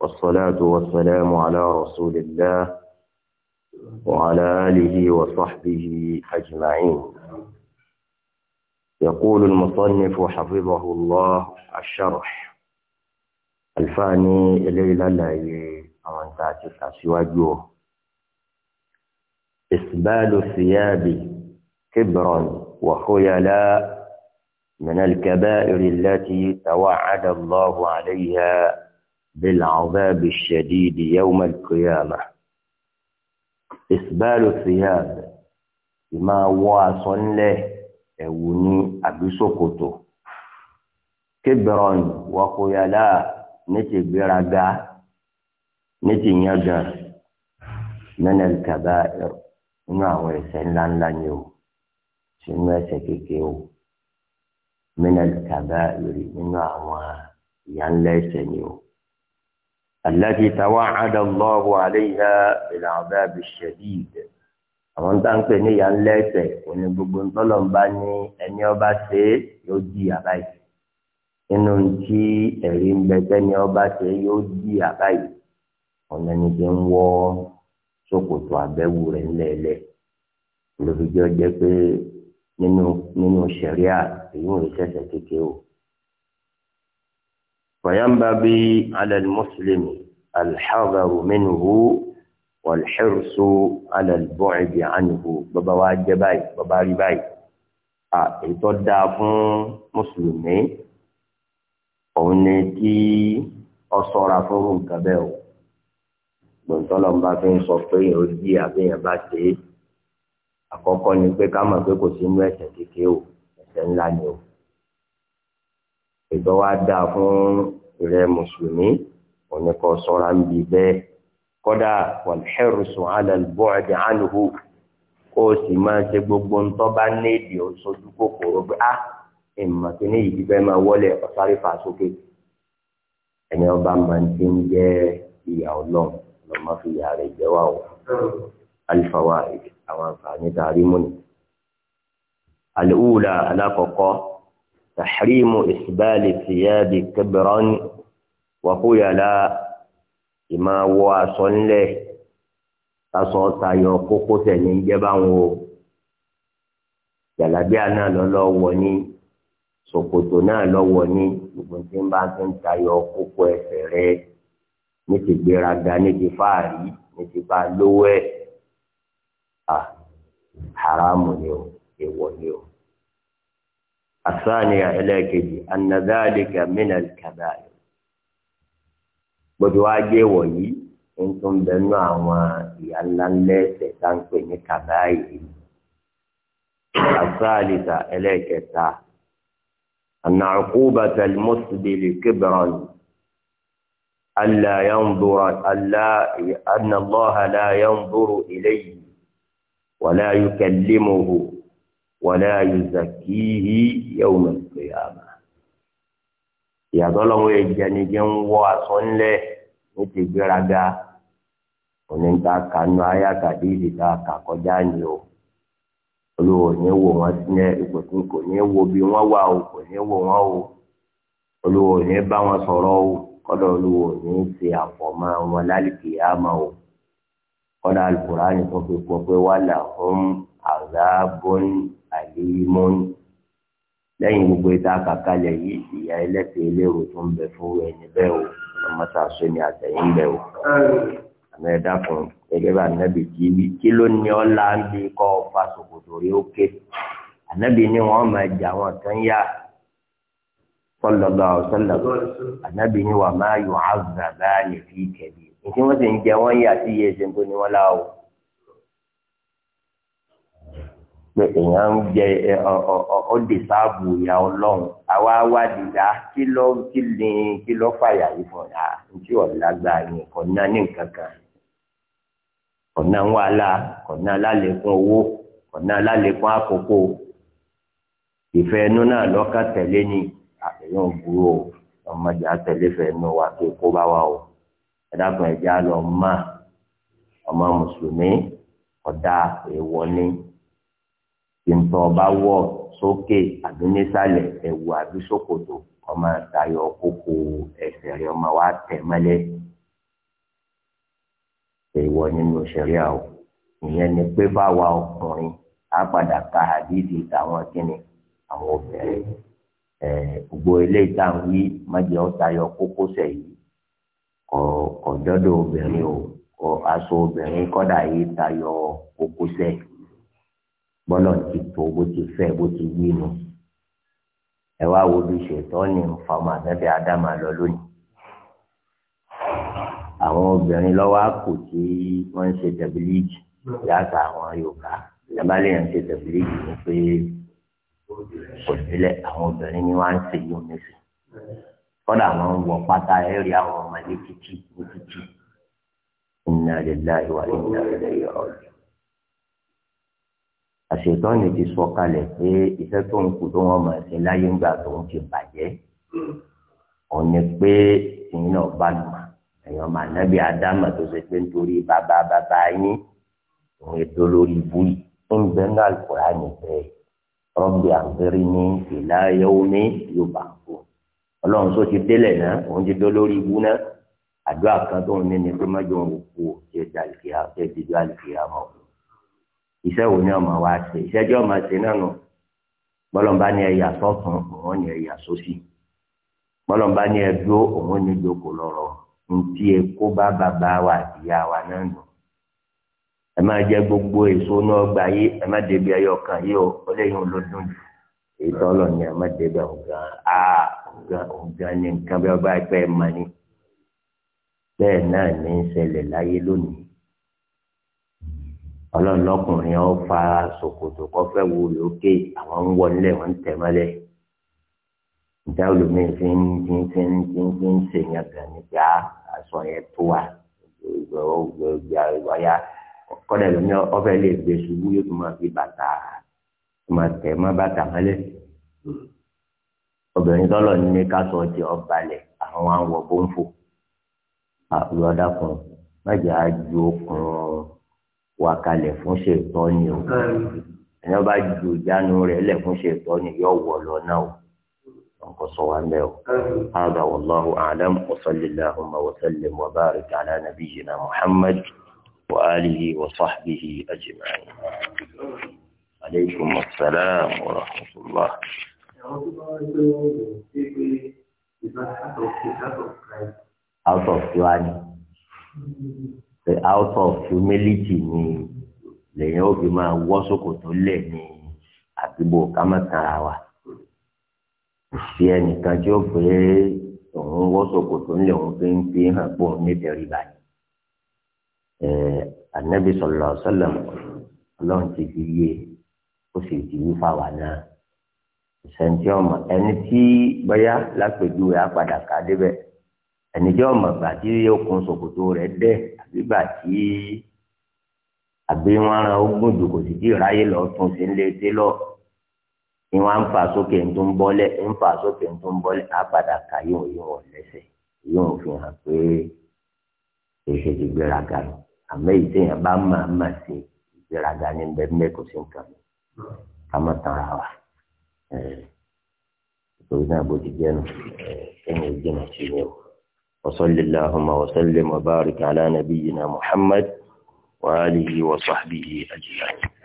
والصلاة والسلام على رسول الله وعلى آله وصحبه أجمعين يقول المصنف حفظه الله الشرح الفاني ليلة لي إسبال الثياب كبرا وخيلاء من الكبائر التي توعد الله عليها بالعذاب الشديد يوم القيامة إسبال الثياب ìmá wọ aṣọ ńlẹ̀ ẹ̀wù ní àbísòkòtò kébìrọ̀nù wọkọ̀yàlá ní ti gbéraga ní ti yangàn mẹ́nẹ̀l kàbá inú àwọn ẹ̀ṣẹ̀ ńláńlá ni o sínú ẹ̀ṣẹ̀ kékeré o mẹ́nẹ̀l kàbá inú àwọn ìyá ńlá ẹ̀ṣẹ̀ ni o. التي توعد الله عليها بالعذاب الشديد àwọn tá à ń pè ní ìyá ńlẹ́sẹ̀ òní gbogbo ńtọ́lọ̀ ń bá ní ẹni ọba ṣe é yóò di àbá yìí nínú tí ẹ̀rí ń bẹ tẹ́ni ọba ṣe é yóò di àbá yìí ọ̀nà ni ti ń wọ́ ṣòkòtò àbẹ́wò rẹ̀ ńlẹ̀ẹ́lẹ̀ lórí jẹ́ pé nínú nínú ṣẹ̀ríà èyí ò lè ṣẹ̀ṣẹ̀ kékeré o. فينبغي على المسلم الحذر منه والحرص على البعد عنه bàbá wa jẹ́ báyìí bàbá rí báyìí ètò dáa fún mùsùlùmí òun ni kí ọ ṣọ́ra fún nǹkan bẹ́ẹ̀ o gbọ̀ntọ́lọ̀ ń bá fi ń sọ pé èèyàn jí àbẹ̀yàn bá ṣe é àkọ́kọ́ ni pé ká mọ̀ pé kò sínú ẹ̀ṣẹ̀ kékeré o ẹ̀ṣẹ̀ ńlá ni o ìgbọ́ wa dáa fún ìrẹ́ mùsùlùmí òní kò sọ̀rọ̀ ń bi bẹ́ẹ̀ kódà wàlúhẹ́rùsù alàlùbọ́ọ̀dì ànúhù kó o sì máa ṣe gbogbo ń tọ́ bá nídìí ó sojú kòkòrò pé á ah, ìmọ̀ tí ní ìdí bẹ́ẹ̀ máa wọlé ọ̀sáré fà sókè ẹni ọba máa ń ti ń jẹ́ ìyá ọlọ́run lọ́mọ fi ìyá rẹ̀ jẹ́ wà wọ́n alifawa àwọn àǹfààní tá a rí múni. àlùhùlà alákọ̀ọ́kọ́. تحريم إسبال الثياب كبرا وخيلا ìmọ̀ wọ aṣọ ńlẹ̀ aṣọ tayọ kókó tẹ̀lé ń jẹ́ báwọn o jàlábíà náà lọ́lọ́wọ́ ní ṣòkòtò náà lọ́wọ́ ní gbogbo tí ń bá ti ń tayọ kókó ẹsẹ̀ rẹ ní ti gbéraga ní ti fáàrí ní ti bá lówó ẹ̀ haramu ni o èèwọ̀ ni o. الثانية إليكي أن ذلك من الكبائر gbogbo wa jẹ wọ̀nyí nítorí bẹ nú àwọn ìyá ńlá lẹsẹ tá ń pè ní kàbáyé asáàlìta ẹlẹ́ẹ̀kẹta ànàkúbà tẹlmọsibìlì kébìrán aláyàmbúra aláyàmbúra aláyàmbúra iléyìí wàláyùkẹlẹmọhùn. wala ya yawma al-qiyamah ìyàtọ̀ lọ́wọ́ ìjẹnijẹ ń wọ aṣọ ńlẹ̀ ní ti gbéraga òní ń ta kanu ayákàdé ìdìta kàkọjá ni o olówó ní wo wọn sílẹ̀ ipò tí kò ni wo bi wọ́n wa o kò ní wo o olówó ní ba wọn sọ̀rọ̀ o kọ́dọ̀ olówó ní ṣe àfọ̀mọ́ wọn lálùkì o ni fi pọ̀ àlímọ́n lẹ́yìn gbogbo ìta kàkálẹ̀ yìí ìyá ẹlẹ́sẹ̀ eléro tó ń bẹ fún ẹni bẹ́ẹ̀ o ọlọ́mọta sọ ni àtẹ̀yìn bẹ́ẹ̀ o àmọ́ ẹ dákun gẹ́gẹ́ bá ànábì kí kí ló ní ọlá ń bí kọ́ ọ̀fà ṣòkòtò rí òkè ànábì ni wọ́n máa jà wọn kan yá sọlọlọ sọlọ ànábì ni wà máa yọ àgbà báyìí fi kẹ̀lé nǹkan wọ́n sì ń jẹ wọ́n yà sí iye ṣe ń tó ní wọ́n láwọ́. pé èèyàn ń jẹ ọdẹ sáàbù ìyá ọlọ́run àwa wá dìda kí ló kí lè kí ló fàyà yìí fún ọ̀la tí ọ̀làgbà yìí kò ná ní nǹkan kan kò ná ń wàhálà kò ná lálẹ́kún owó kò ná lálẹ́kún àkókò ìfẹ́ ẹnu náà lọ́kàn tẹ̀lé ni àtẹ̀yìn òbúrò ọmọdé àtẹ̀lé fẹ́ ẹnu wa kí kó bá wa o ẹ̀dàkùn ẹ̀já lọ mọ́ ọmọ mùsùlùmí ọ̀dà èèwọ̀ ni tìǹtọ̀ bá wọ̀ sókè àbí nísàlẹ̀ ẹ̀wù àbí ṣòkòtò ọmọ àtàyọ̀ kókó ẹsẹ̀ rẹ̀ ọmọ wa tẹ̀ mọ́lẹ̀ èèwọ̀ nínú ṣẹ̀ríà o ìyẹn ni pé báwa ọkùnrin á padà ka àdídì táwọn kíni àwọn obìnrin ẹ gbogbo eléyìí tá à ń wí májẹ ọtayọ kókósẹ̀ yìí kọ kọ obìnrin o kọ aṣọ obìnrin kódà yìí tayọ kókósẹ̀ yìí bọ́lọ̀ ti tó bó ti fẹ́ bó ti wí nu ẹ wá wo bí ṣètọ́ ni ń fa ọmọ àtẹ́tẹ́ ádámà lọ lónìí àwọn obìnrin lọ́wọ́ àpò tí wọ́n ń ṣe tẹ̀bílíìjì yàtọ̀ àwọn Yorùbá ìjàmbálẹ̀ yẹn ń ṣe tẹ̀bílíìjì ni pé kò sílẹ̀ àwọn obìnrin ni wọ́n á ń ṣe yóò nísì kọ́dà àwọn ń wọ pátá ẹ̀rí àwọn ọmọdé títí ní títí inna lillahi wa inna ilayhi àṣetọ́ni ti sọ kalẹ̀ pé iṣẹ́ tó ń kú tó wọ́n máa ṣe láyé ńgbà tó ń ti bàjẹ́ ọ̀nà pé ìyìn náà bá lù mà èèyàn máa nábì ádámà tó ṣe pé nítorí bàbá bàbá yín òun ètò lórí ibú yìí ń bẹ ní àlùkòrá nìfẹ́ rọ́bì àǹfẹ́rí ní ìlà yẹ́wọ́mí yóò bá kú ọlọ́run tó ti délẹ̀ náà òun ti dó lórí ibú náà àdúrà kan tó ń ní ni pé mọ́jọ́ òun kú ṣe dìjọ́ iṣẹ́ wo ni ọmọ wa ṣe iṣẹ́ jẹ́ ọmọ ṣe náà nù bọ́lọ̀mbá ni ẹ̀yà sọ́tún òun ni ẹ̀yà sósì bọ́lọ̀mbá ni ẹ̀dúró òun ni ìjókòó lọ́rọ̀ ntí ekó bá bàbá wa ìyá wa náà nù ẹ máa jẹ gbogbo èso náà gbà yí ẹ má débi ẹyọ kan yí ó lè yún ló jù èyí tó ni ẹ má débi ọgàn á ọgàn ọgàn ni nǹkan bí ọba ẹgbẹ ẹ mọ ni bẹ́ẹ̀ náà ní í ṣẹlẹ̀ láyé lónìí ọlọ́run lọ́kùnrin ọ fa ṣòkòtò kọfẹ́ wo lókè àwọn ń wọlé wọn ń ìjà olùmíín fi ń fi ń fi ń fi ń fi ń ṣèyàn gan nígbà aṣọ yẹn tó wà ìgbà kọ́dà lómi ọfẹ́ lè gbé ṣubú yóò tún máa fi bàtà máa tẹ̀ mọ́ bàtà mọ́lẹ̀ obìnrin tọ́lọ̀ ní ká sọ ti ọba lẹ̀ àwọn àwọn bó ń fò àlọ́ dákun má jẹ́ àjò okùn wà kalẹ̀ fún ṣètọ́ ni o ẹni bá ju ìjánu rẹ̀ lẹ̀ fún ṣètọ́ ni yóò wọ̀ lọ náà o nǹkan sọ wa mẹ́ o. هذا والله أعلم وصل اللهم وسلم وبارك على نبينا محمد وآله وصحبه أجمعين عليكم السلام ورحمة الله Out of line pé out of humility ni lèyìn ó fi máa wọ́ ṣòkòtò lẹ̀ ní àdúgbò kámẹ́tara wa sí ẹnìkan tí ó pé òun wọ́ ṣòkòtò ńlẹ̀ òun fi ń fi hàn pọ̀ nítorí báyìí anabi sọlọ sọlọ Ọlọ́run ti fi yé ó sì ti wí fáwa náà ìṣẹ̀ntì ọmọ ẹni tí bóyá lápèjúwe á padà ká débẹ̀ ẹnìjẹ́ ọmọ ìgbà tí okùn ṣòkòtò rẹ̀ dẹ̀ àbí ìgbà tí àbí wọn ran ogún jù kò sì tí ì ráyè lọ tún sí ilé télọ̀ ni wọn ń fà sókè ń tún bọ́lẹ̀ ń fà sókè ń tún bọ́lẹ̀ á padà kà yóò yóò lẹ́sẹ̀ yóò fi hàn pé èsì ti gbéraga lọ àmọ́ èyí téèyàn bá máa máa ṣe ìgbéraga ní bẹ́ẹ̀ kò sí nǹkan mi ká má tanra wa nítorí náà bó ti jẹ́ nu ẹ̀ẹ́dẹ́gbẹ̀rún jìnnà sí mi o. وصل اللهم وسلم وبارك على نبينا محمد وآله وصحبه أجمعين